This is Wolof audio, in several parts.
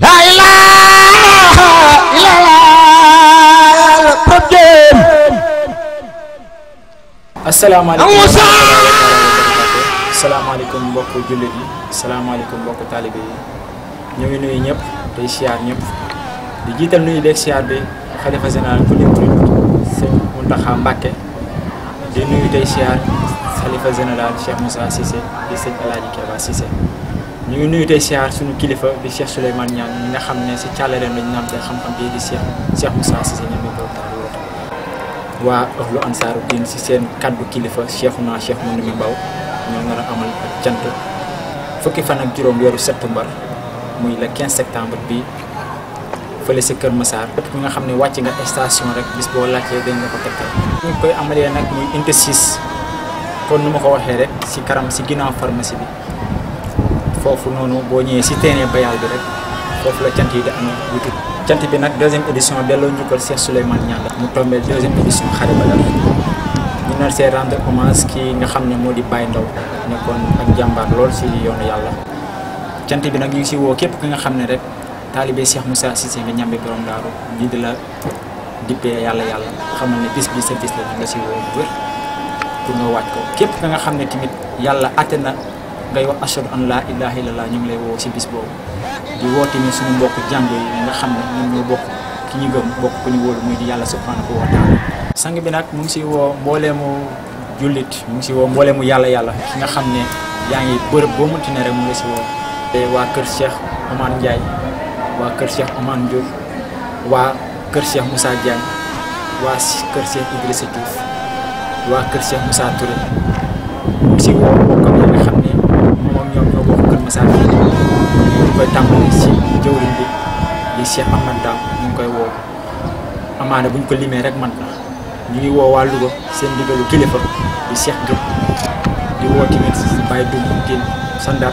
laa ilaaha illallaah Pape Diène asalaamaaleykum asalaamaaleykum mbokku jullit yi asalaamaaleykum mbokku taalibe yi ñu ngi nuyu ñëpp tey siyaar ñëpp di jiital nuyu beeg siyaar bi xalifa général ku nekk sëñ Muntaxa Mbàkke di nuyu tey siyaar xalifa général Cheikh Moussa Cissé di sëñ El Hadj Keba Cissé ñu ngi nuyu tey suñu kilifa bi Cheikh Souleymane Niang ñi nga xam ne si càllaleen lañu naan te xam-xam bi di Cheikh Cheikh Moussa Cissé si seen kaddu kilifa Cheikhouna Cheikh Moundou Mbaw ñoo nar amal ak fukki fan ak juróom weeru septembre muy le 15 septembre bi fële si Kër Massar ku nga xam ne wàcc nga station rek bis boo laajtee dañ nga ko tegtal ñu koy amalee nag muy inte kon nu ma ko waxee rek si karam si ginnaaw pharmacie bi foofu noonu boo ñëwee si terrain bayal bi rek fofu la cant da am wuti cant bi nak deuxième édition delo njukkal Cheikh souleyman Niang mu tomber deuxième édition xare Badar ñu nar see rendre hommage ki nga xam modi moo Baye Ndaw nekkoon ak jambar lool ci yoonu yalla cant bi nak ñu ci wo woo képp ki nga xam rek talibé Cheikh Moussa Cissé nga ñambe borom daaru ñi di la dippee yalla yalla xamna ni bis bi service la nga si woo wér pour nga wacc ko képp nga xam timit yalla atena ngay wax ashhadu an la ilaha illallah ñu ngi lay woo ci bis boobu di woo ni suñu mbokk jàngo yi nga xam ne ñun ñu bokk ki ñu gëm bokk ku ñu wóolu muy di yàlla subhanahu wa taala sang bi nag mu ngi si woo mbooleemu julit mu ngi si woo mbooleemu yàlla yàlla ki nga xam ne yaa ngi bërëb boo mënti ne rek mu ngi si woo waa kër cheikh oman ndiaye waa kër cheikh oman ndiour waa kër cheikh moussa diagne waa kër cheikh idrissa diouf waa kër cheikh moussa touré mu si woo li Cheikh Ahmed Dame ñu ngi koy woo amaana buñ ko limee rek man na ñu ngi woo waa Louga seen ndigalu kilifa di Cheikh Diop di woo tamit Baye Doum Dieng Sandar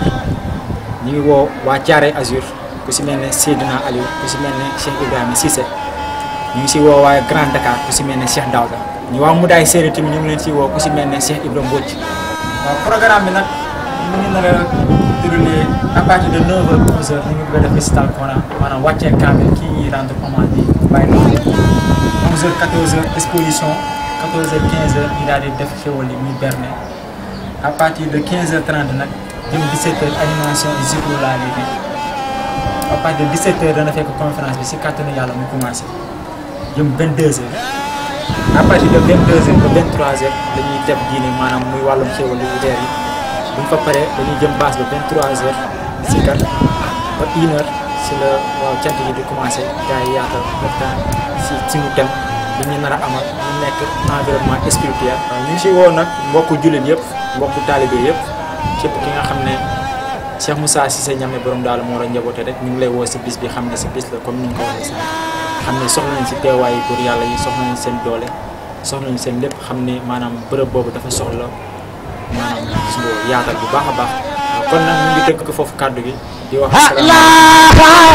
ñu ngi woo waa Thiaray Azur ku si mel ne Seydina Aliou ku si mel ne Cheikh Ibrahima Cissé ñu ngi si woo waa Grand Dakar ku si mel ne Cheikh Daouda ñu waa Moudaay Séeréer tamit ñu ngi leen si woo ku si mel ne Cheikh Ibrahima Mbodj waaw programme bi nag ñu ngi nar a déroulé à partir de 9h 11 ñu ngi def récital Coran maanaam wàccee kaamil kii ñuy rendre hommage bi bàyyi noonu 11h di def xéwal yi muy berne à partir de 15h30 nag jëm 17h animation zikru laa lay def à de 17h dana fekk conférence bi si kàttanu yàlla mu commencé jëm 22h. à partir de 22h ba 23h dañuy teb diine maanaam muy wàllum xéwal yu weer yi. buñ fa paree dañuy jëm base ba 23h si kat ba une si la waaw cant yi di commencé gars yi yaatal waxtaan si si mu tem li ñu nar a amal mu nekk environnement spirituel. waaw ñu ngi si woo nag mbokku jullit yëpp mbokku taalibe yëpp képp ki nga xam ne Cheikh Moussa Cissé Niamé borom daal moo war a njaboote rek ñu ngi lay woo si bis bi xam ne si bis la comme ni ñu ko waxee si xam ne soxla nañ si teewaayu pour yàlla yi soxla nañ seen doole soxla nañ seen lépp xam ne maanaam bërëb boobu dafa soxla. ya gis nga abah, pernah baax ke baax dulu di wax.